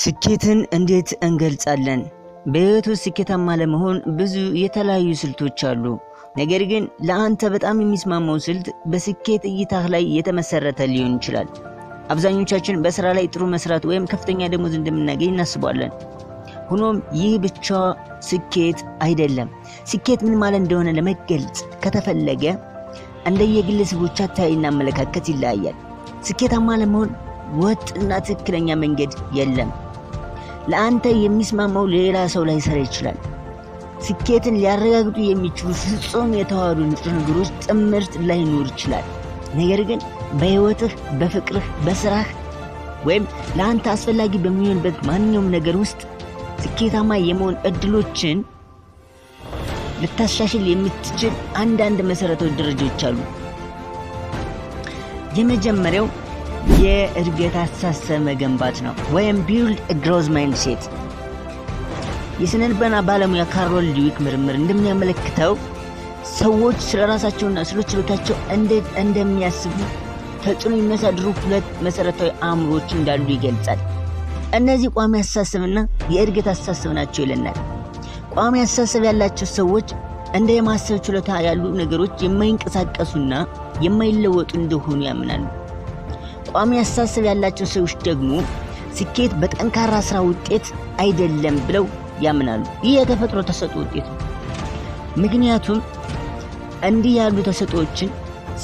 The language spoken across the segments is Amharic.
ስኬትን እንዴት እንገልጻለን? በህይወት ውስጥ ስኬታማ ለመሆን ብዙ የተለያዩ ስልቶች አሉ። ነገር ግን ለአንተ በጣም የሚስማማው ስልት በስኬት እይታህ ላይ የተመሰረተ ሊሆን ይችላል። አብዛኞቻችን በስራ ላይ ጥሩ መስራት ወይም ከፍተኛ ደሞዝ እንደምናገኝ እናስባለን። ሆኖም ይህ ብቻ ስኬት አይደለም። ስኬት ምን ማለት እንደሆነ ለመገልጽ ከተፈለገ እንደየግለሰቦች አታይና አመለካከት ይለያያል። ስኬታማ ለመሆን ወጥና ትክክለኛ መንገድ የለም። ለአንተ የሚስማማው ሌላ ሰው ላይ ሰራ ይችላል። ስኬትን ሊያረጋግጡ የሚችሉ ፍጹም የተዋሃዱ ንጥረ ነገሮች ጥምርት ላይኖር ይችላል። ነገር ግን በሕይወትህ፣ በፍቅርህ፣ በስራህ ወይም ለአንተ አስፈላጊ በሚሆንበት ማንኛውም ነገር ውስጥ ስኬታማ የመሆን እድሎችን ልታሻሽል የምትችል አንዳንድ መሠረታዊ ደረጃዎች አሉ። የመጀመሪያው የእድገት አስተሳሰብ መገንባት ነው ወይም ቢውልድ ግሮዝ ማይንድሴት። የስነልቦና ባለሙያ ካሮል ዲዊክ ምርምር እንደሚያመለክተው ሰዎች ስለ ራሳቸውና ስለ ችሎታቸው እንዴት እንደሚያስቡ ተጽዕኖ የሚያሳድሩ ሁለት መሠረታዊ አእምሮች እንዳሉ ይገልጻል። እነዚህ ቋሚ አስተሳሰብና የእድገት አስተሳሰብ ናቸው ይለናል። ቋሚ አስተሳሰብ ያላቸው ሰዎች እንደ የማሰብ ችሎታ ያሉ ነገሮች የማይንቀሳቀሱና የማይለወጡ እንደሆኑ ያምናሉ። ቋሚ አስተሳሰብ ያላቸው ሰዎች ደግሞ ስኬት በጠንካራ ስራ ውጤት አይደለም ብለው ያምናሉ። ይህ የተፈጥሮ ተሰጦ ውጤት ነው። ምክንያቱም እንዲህ ያሉ ተሰጦዎችን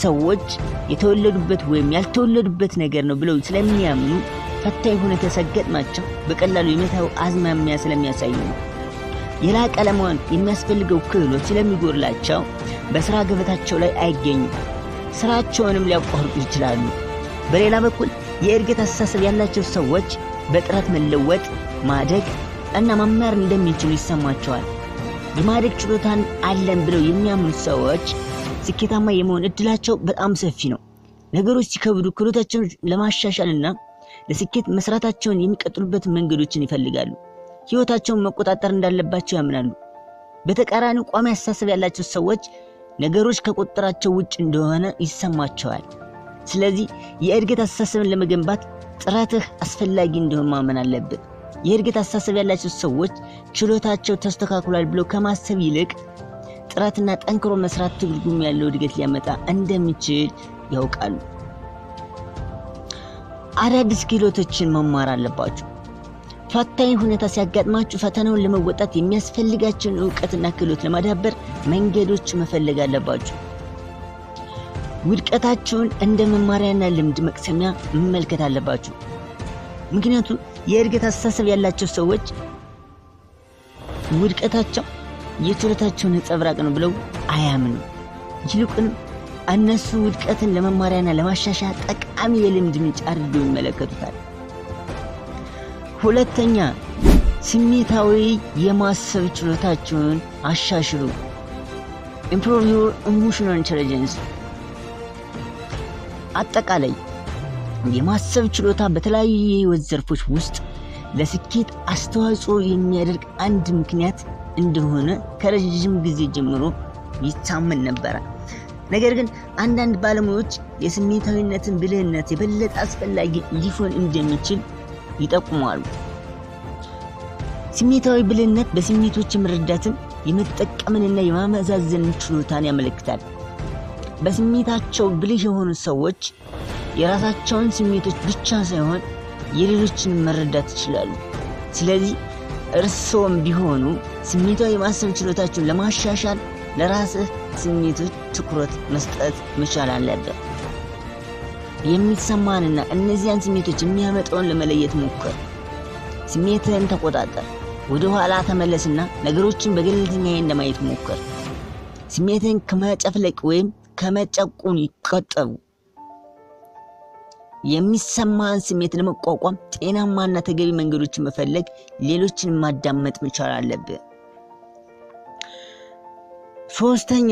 ሰዎች የተወለዱበት ወይም ያልተወለዱበት ነገር ነው ብለው ስለሚያምኑ ፈታኝ ሁኔታ ተሰገጥማቸው በቀላሉ የመተው አዝማሚያ ስለሚያሳዩ ነው። የላቀ ለመሆን የሚያስፈልገው ክህሎት ስለሚጎድላቸው በስራ ገበታቸው ላይ አይገኙም። ስራቸውንም ሊያቋርጡ ይችላሉ። በሌላ በኩል የእድገት አስተሳሰብ ያላቸው ሰዎች በጥረት መለወጥ፣ ማደግ እና መማር እንደሚችሉ ይሰማቸዋል። የማደግ ችሎታን አለን ብለው የሚያምኑ ሰዎች ስኬታማ የመሆን እድላቸው በጣም ሰፊ ነው። ነገሮች ሲከብዱ ክህሎታቸውን ለማሻሻልና ለስኬት መስራታቸውን የሚቀጥሉበት መንገዶችን ይፈልጋሉ። ህይወታቸውን መቆጣጠር እንዳለባቸው ያምናሉ። በተቃራኒ ቋሚ አስተሳሰብ ያላቸው ሰዎች ነገሮች ከቁጥጥራቸው ውጭ እንደሆነ ይሰማቸዋል። ስለዚህ የእድገት አስተሳሰብን ለመገንባት ጥረትህ አስፈላጊ እንደሆን ማመን አለብን። የእድገት አስተሳሰብ ያላቸው ሰዎች ችሎታቸው ተስተካክሏል ብሎ ከማሰብ ይልቅ ጥረትና ጠንክሮ መስራት ትርጉም ያለው እድገት ሊያመጣ እንደሚችል ያውቃሉ። አዳዲስ ክህሎቶችን መማር አለባችሁ። ፈታኝ ሁኔታ ሲያጋጥማችሁ ፈተናውን ለመወጣት የሚያስፈልጋቸውን እውቀትና ክህሎት ለማዳበር መንገዶች መፈለግ አለባችሁ። ውድቀታችሁን እንደ መማሪያና ልምድ መቅሰሚያ መመልከት አለባችሁ። ምክንያቱም የእድገት አስተሳሰብ ያላቸው ሰዎች ውድቀታቸው የችሎታቸውን ነጸብራቅ ነው ብለው አያምኑም። ይልቁንም እነሱ ውድቀትን ለመማሪያና ለማሻሻያ ጠቃሚ የልምድ ምንጭ አድርገው ይመለከቱታል። ሁለተኛ፣ ስሜታዊ የማሰብ ችሎታችሁን አሻሽሉ። ኢምፕሮቭ ኢሞሽናል ኢንቴሊጀንስ አጠቃላይ የማሰብ ችሎታ በተለያዩ የህይወት ዘርፎች ውስጥ ለስኬት አስተዋጽኦ የሚያደርግ አንድ ምክንያት እንደሆነ ከረዥም ጊዜ ጀምሮ ይታመን ነበረ። ነገር ግን አንዳንድ ባለሙያዎች የስሜታዊነትን ብልህነት የበለጠ አስፈላጊ ሊሆን እንደሚችል ይጠቁማሉ። ስሜታዊ ብልህነት በስሜቶች መረዳትን የመጠቀምንና የማመዛዘን ችሎታን ያመለክታል። በስሜታቸው ብልህ የሆኑ ሰዎች የራሳቸውን ስሜቶች ብቻ ሳይሆን የሌሎችን መረዳት ይችላሉ። ስለዚህ እርስዎም ቢሆኑ ስሜታዊ የማሰብ ችሎታቸውን ለማሻሻል ለራስህ ስሜቶች ትኩረት መስጠት መቻል አለበት። የሚሰማንና እነዚያን ስሜቶች የሚያመጣውን ለመለየት ሞክር። ስሜትህን ተቆጣጠር። ወደ ኋላ ተመለስና ነገሮችን በገለልተኛ እንደማየት ሞክር። ስሜትህን ከመጨፍለቅ ወይም ከመጨቁን ይቆጠቡ። የሚሰማን ስሜት ለመቋቋም ጤናማና ተገቢ መንገዶችን መፈለግ፣ ሌሎችን ማዳመጥ መቻል አለብን። ሶስተኛ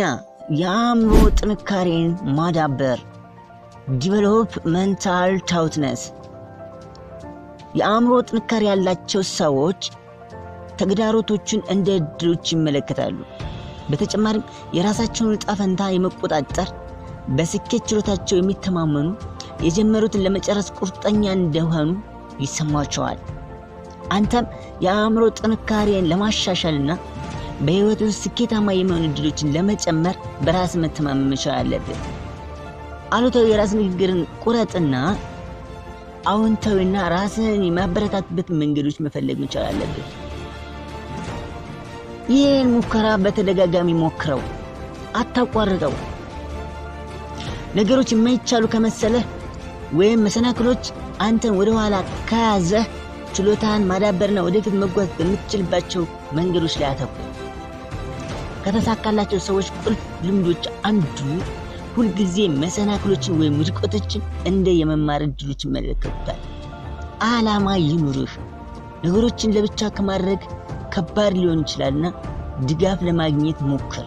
የአእምሮ ጥንካሬን ማዳበር ዲቨሎፕ መንታል ታውትነስ። የአእምሮ ጥንካሬ ያላቸው ሰዎች ተግዳሮቶችን እንደ እድሎች ይመለከታሉ። በተጨማሪም የራሳቸውን እጣ ፈንታ የመቆጣጠር በስኬት ችሎታቸው የሚተማመኑ የጀመሩትን ለመጨረስ ቁርጠኛ እንደሆኑ ይሰማቸዋል። አንተም የአእምሮ ጥንካሬን ለማሻሻልና በሕይወት ውስጥ ስኬታማ የሚሆኑ እድሎችን ለመጨመር በራስ መተማመን መቻል አለብን። አሉታዊ የራስ ንግግርን ቁረጥና አዎንታዊና ራስን የማበረታትበት መንገዶች መፈለግ መቻል አለብን። ይህን ሙከራ በተደጋጋሚ ሞክረው፣ አታቋርጠው። ነገሮች የማይቻሉ ከመሰለህ ወይም መሰናክሎች አንተን ወደ ኋላ ከያዘህ ችሎታህን ማዳበርና ወደፊት መጓዝ በምትችልባቸው መንገዶች ላይ አተኩር። ከተሳካላቸው ሰዎች ቁልፍ ልምዶች አንዱ ሁልጊዜ መሰናክሎችን ወይም ውድቆቶችን እንደ የመማር እድሎች ይመለከቱታል። አላማ ይኑርህ። ነገሮችን ለብቻ ከማድረግ ከባድ ሊሆን ይችላልና ድጋፍ ለማግኘት ሞክር።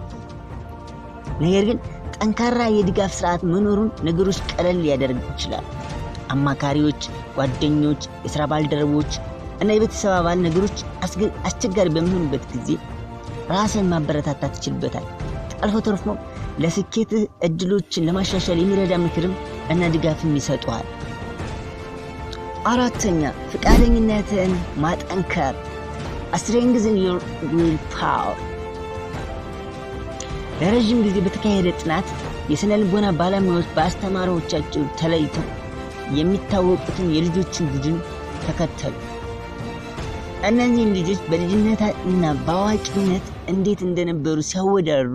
ነገር ግን ጠንካራ የድጋፍ ስርዓት መኖሩን ነገሮች ቀለል ሊያደርግ ይችላል። አማካሪዎች፣ ጓደኞች፣ የሥራ ባልደረቦች እና የቤተሰብ አባል ነገሮች አስቸጋሪ በሚሆኑበት ጊዜ ራስን ማበረታታት ይችልበታል። አልፎ ተርፎ ለስኬት እድሎችን ለማሻሻል የሚረዳ ምክርም እና ድጋፍም ይሰጠዋል። አራተኛ ፈቃደኝነትን ማጠንከር strengthen your willpower። ለረዥም ጊዜ በተካሄደ ጥናት የሥነ ልቦና ባለሙያዎች በአስተማሪዎቻቸው ተለይተው የሚታወቁትን የልጆችን ቡድን ተከተሉ። እነዚህን ልጆች በልጅነት እና በአዋቂነት እንዴት እንደነበሩ ሲያወዳሩ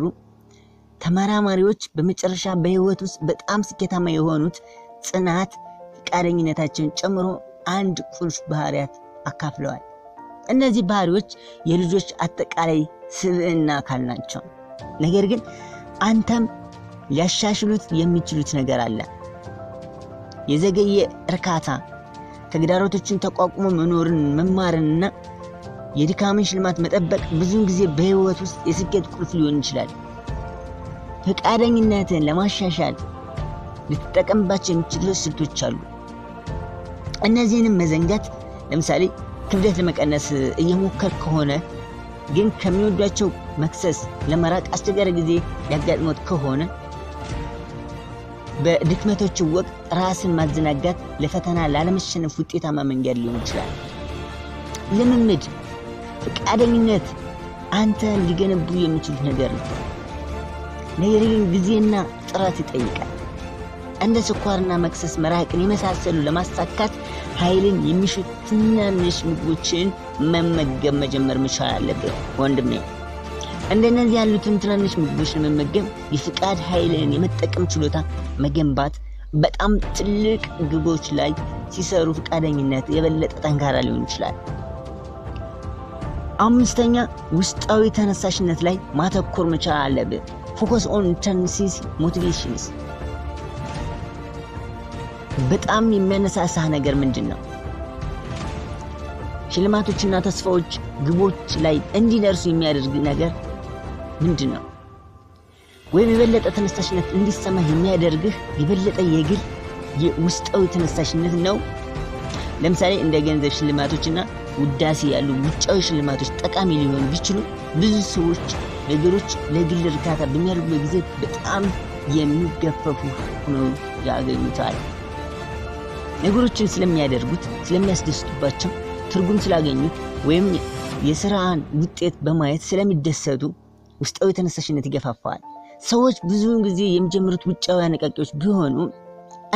ተመራማሪዎች በመጨረሻ በሕይወት ውስጥ በጣም ስኬታማ የሆኑት ጽናት፣ ፈቃደኝነታቸውን ጨምሮ አንድ ቁልፍ ባህሪያት አካፍለዋል። እነዚህ ባህሪዎች የልጆች አጠቃላይ ስብዕና አካል ናቸው። ነገር ግን አንተም ሊያሻሽሉት የሚችሉት ነገር አለ። የዘገየ እርካታ፣ ተግዳሮቶችን ተቋቁሞ መኖርን መማርንና የድካምን ሽልማት መጠበቅ ብዙውን ጊዜ በሕይወት ውስጥ የስኬት ቁልፍ ሊሆን ይችላል። ፈቃደኝነትን ለማሻሻል ልትጠቀምባቸው የሚችሉ ስልቶች አሉ። እነዚህንም መዘንጋት ለምሳሌ ክብደት ለመቀነስ እየሞከር ከሆነ ግን ከሚወዷቸው መክሰስ ለመራቅ አስቸጋሪ ጊዜ ያጋጥሞት ከሆነ በድክመቶች ወቅት ራስን ማዘናጋት ለፈተና ላለመሸነፍ ውጤታማ መንገድ ሊሆን ይችላል። ልምምድ፣ ፈቃደኝነት አንተ ሊገነቡ የሚችሉት ነገር ነው። ነገር ግን ጊዜና ጥረት ይጠይቃል። እንደ ስኳርና መክሰስ መራቅን የመሳሰሉ ለማሳካት ኃይልን የሚሹ ትናንሽ ምግቦችን መመገብ መጀመር መቻል አለብህ ወንድሜ። እንደነዚህ ያሉትን ትናንሽ ምግቦችን መመገብ የፍቃድ ኃይልን የመጠቀም ችሎታ መገንባት በጣም ትልቅ ግቦች ላይ ሲሰሩ ፈቃደኝነት የበለጠ ጠንካራ ሊሆን ይችላል። አምስተኛ ውስጣዊ ተነሳሽነት ላይ ማተኮር መቻል አለብህ። ፎከስ ኦን ተንሲስ ሞቲቬሽንስ በጣም የሚያነሳሳህ ነገር ምንድን ነው? ሽልማቶችና ተስፋዎች ግቦች ላይ እንዲደርሱ የሚያደርግ ነገር ምንድን ነው? ወይም የበለጠ ተነሳሽነት እንዲሰማህ የሚያደርግህ የበለጠ የግል የውስጣዊ ተነሳሽነት ነው። ለምሳሌ እንደ ገንዘብ ሽልማቶችና ውዳሴ ያሉ ውጫዊ ሽልማቶች ጠቃሚ ሊሆን ቢችሉ ብዙ ሰዎች ነገሮች ለግል እርካታ በሚያደርጉበት ጊዜ በጣም የሚገፈፉ ሆነው ያገኙታል። ነገሮችን ስለሚያደርጉት ስለሚያስደስቱባቸው ትርጉም ስላገኙት ወይም የስራን ውጤት በማየት ስለሚደሰቱ ውስጣዊ ተነሳሽነት ይገፋፋዋል። ሰዎች ብዙውን ጊዜ የሚጀምሩት ውጫዊ አነቃቂዎች ቢሆኑ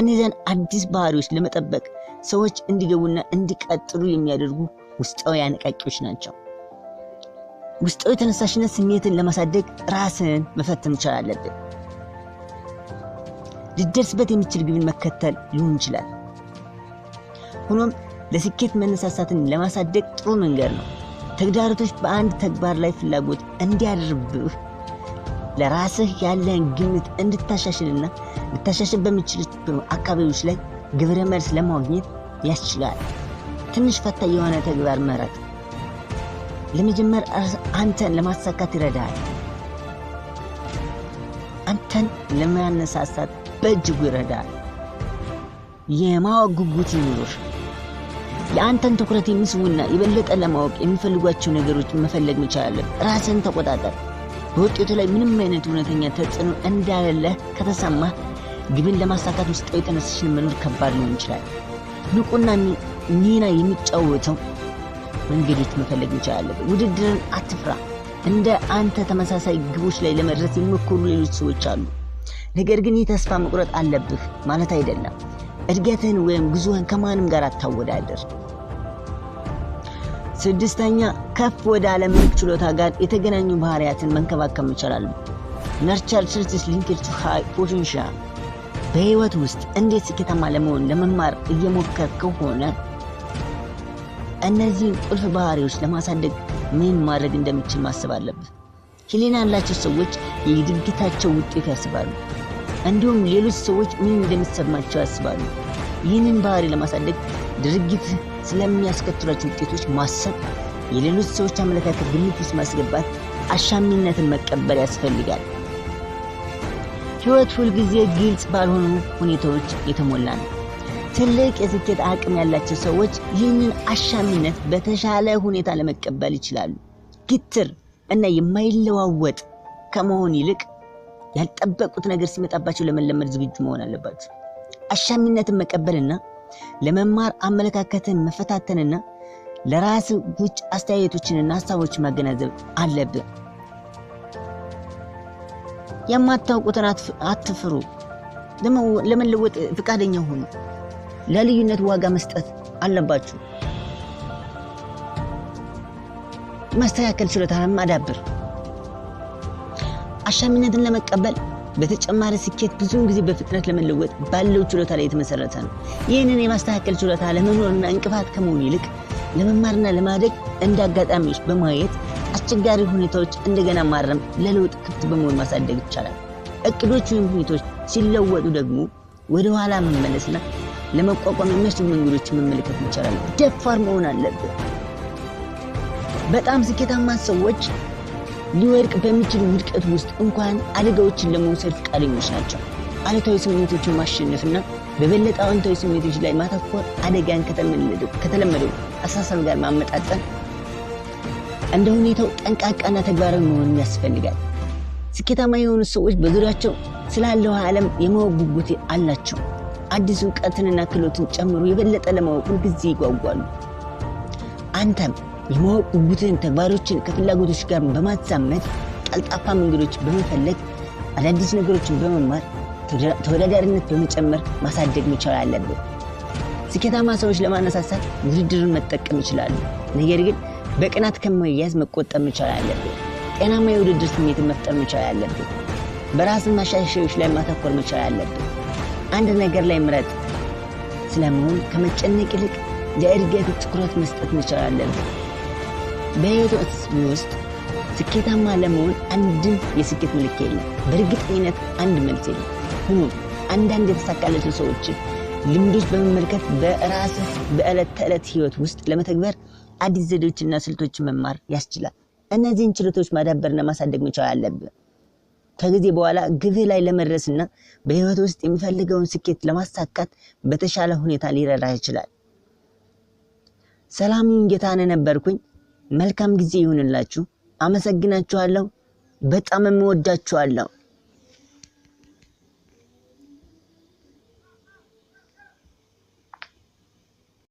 እነዚያን አዲስ ባህሪዎች ለመጠበቅ ሰዎች እንዲገቡና እንዲቀጥሉ የሚያደርጉ ውስጣዊ አነቃቂዎች ናቸው። ውስጣዊ ተነሳሽነት ስሜትን ለማሳደግ ራስን መፈተን መቻል አለብን። ሊደርስበት የሚችል ግብን መከተል ሊሆን ይችላል። ሆኖም ለስኬት መነሳሳትን ለማሳደግ ጥሩ መንገድ ነው። ተግዳሮቶች በአንድ ተግባር ላይ ፍላጎት እንዲያድርብህ ለራስህ ያለህን ግምት እንድታሻሽልና ልታሻሽል በምችልበት አካባቢዎች ላይ ግብረ መልስ ለማግኘት ያስችላል። ትንሽ ፈታኝ የሆነ ተግባር መረጥ። ለመጀመር አንተን ለማሳካት ይረዳል አንተን ለማነሳሳት በእጅጉ ይረዳል የማወቅ ጉጉት ይኑርህ። የአንተን ትኩረት የሚስቡና የበለጠ ለማወቅ የሚፈልጓቸው ነገሮች መፈለግ መቻላለን። ራስን ተቆጣጠር። በውጤቱ ላይ ምንም አይነት እውነተኛ ተጽዕኖ እንዳለለ ከተሰማ ግብን ለማሳካት ውስጣዊ ተነሳሽን መኖር ከባድ ሊሆን ይችላል። ንቁና ሚና የሚጫወተው መንገዶች መፈለግ መቻላለን። ውድድርን አትፍራ። እንደ አንተ ተመሳሳይ ግቦች ላይ ለመድረስ የሚሞክሩ ሌሎች ሰዎች አሉ። ነገር ግን ይህ ተስፋ መቁረጥ አለብህ ማለት አይደለም። እድገትን ወይም ጉዞህን ከማንም ጋር አታወዳደር። ስድስተኛ ከፍ ወደ አለም ችሎታ ጋር የተገናኙ ባህሪያትን መንከባከብ መቻላሉ። ነርቸር ስርትስ ሊንክድ ቱ ሃይ ፖቴንሻል። በህይወት ውስጥ እንዴት ስኬታማ ለመሆን ለመማር እየሞከር ከሆነ እነዚህን ቁልፍ ባህሪዎች ለማሳደግ ምን ማድረግ እንደምችል ማሰብ አለብህ። ህሊና ያላቸው ሰዎች የድርጊታቸው ውጤት ያስባሉ። እንዲሁም ሌሎች ሰዎች ምን እንደሚሰማቸው ያስባሉ። ይህንን ባህሪ ለማሳደግ ድርጊት ስለሚያስከትሏቸው ውጤቶች ማሰብ፣ የሌሎች ሰዎች አመለካከት ግምት ውስጥ ማስገባት፣ አሻሚነትን መቀበል ያስፈልጋል። ሕይወት ሁልጊዜ ግልጽ ባልሆኑ ሁኔታዎች የተሞላ ነው። ትልቅ የስኬት አቅም ያላቸው ሰዎች ይህንን አሻሚነት በተሻለ ሁኔታ ለመቀበል ይችላሉ። ግትር እና የማይለዋወጥ ከመሆን ይልቅ ያልጠበቁት ነገር ሲመጣባቸው ለመለመድ ዝግጁ መሆን አለባቸው። አሻሚነትን መቀበልና ለመማር አመለካከትን መፈታተንና ለራስ ውጭ አስተያየቶችንና ሀሳቦችን ማገናዘብ አለብን። የማታውቁትን አትፍሩ። ለመለወጥ ፈቃደኛ ሆኑ። ለልዩነት ዋጋ መስጠት አለባችሁ። ማስተካከል ችሎታን ማዳብር አሻሚነትን ለመቀበል በተጨማሪ ስኬት ብዙውን ጊዜ በፍጥነት ለመለወጥ ባለው ችሎታ ላይ የተመሰረተ ነው። ይህንን የማስተካከል ችሎታ ለመኖርና እንቅፋት ከመሆን ይልቅ ለመማርና ለማደግ እንደ አጋጣሚዎች በማየት አስቸጋሪ ሁኔታዎች እንደገና ማረም፣ ለለውጥ ክፍት በመሆን ማሳደግ ይቻላል። እቅዶች ወይም ሁኔታዎች ሲለወጡ ደግሞ ወደ ኋላ መመለስና ለመቋቋም የሚያስችሉ መንገዶች መመልከት ይቻላል። ደፋር መሆን አለብን። በጣም ስኬታማ ሰዎች ሊወድቅ በሚችል ውድቀት ውስጥ እንኳን አደጋዎችን ለመውሰድ ፈቃደኞች ናቸው። አሉታዊ ስሜቶችን ማሸነፍና በበለጠ አዎንታዊ ስሜቶች ላይ ማተኮር አደጋን ከተለመደው አሳሳብ ጋር ማመጣጠን እንደ ሁኔታው ጠንቃቃና ተግባራዊ መሆኑን ያስፈልጋል። ስኬታማ የሆኑ ሰዎች በዙሪያቸው ስላለው ዓለም የማወቅ ጉጉት አላቸው። አዲስ እውቀትንና ክህሎትን ጨምሮ የበለጠ ለማወቅ ሁልጊዜ ይጓጓሉ። አንተም የማወቅ ጉጉትን ተግባሮችን ከፍላጎቶች ጋር በማዛመድ ቀልጣፋ መንገዶች በመፈለግ አዳዲስ ነገሮችን በመማር ተወዳዳሪነት በመጨመር ማሳደግ መቻል አለብን። ስኬታማ ሰዎች ለማነሳሳት ውድድርን መጠቀም ይችላሉ። ነገር ግን በቅናት ከመያዝ መቆጠብ መቻል አለብን። ጤናማ የውድድር ስሜትን መፍጠር መቻል አለብን። በራስን ማሻሻያዎች ላይ ማተኮር መቻል አለብን። አንድ ነገር ላይ ምረጥ ስለመሆን ከመጨነቅ ይልቅ ለእድገት ትኩረት መስጠት መቻል አለብን። በህይወት ውስጥ ስኬታማ ለመሆን አንድም የስኬት ምልክት የለም። በእርግጠኝነት አንድ መልስ የለም። ሆኖም አንዳንድ የተሳካላቸው ሰዎችን ልምዶች በመመልከት በራስ በዕለት ተዕለት ህይወት ውስጥ ለመተግበር አዲስ ዘዴዎችና ስልቶች መማር ያስችላል። እነዚህን ችሎቶች ማዳበርና ማሳደግ መቻል አለብህ። ከጊዜ በኋላ ግብህ ላይ ለመድረስና በህይወት ውስጥ የሚፈልገውን ስኬት ለማሳካት በተሻለ ሁኔታ ሊረዳ ይችላል። ሰላም ጌታነህ ነበርኩኝ። መልካም ጊዜ ይሁንላችሁ። አመሰግናችኋለሁ። በጣም የምወዳችኋለሁ።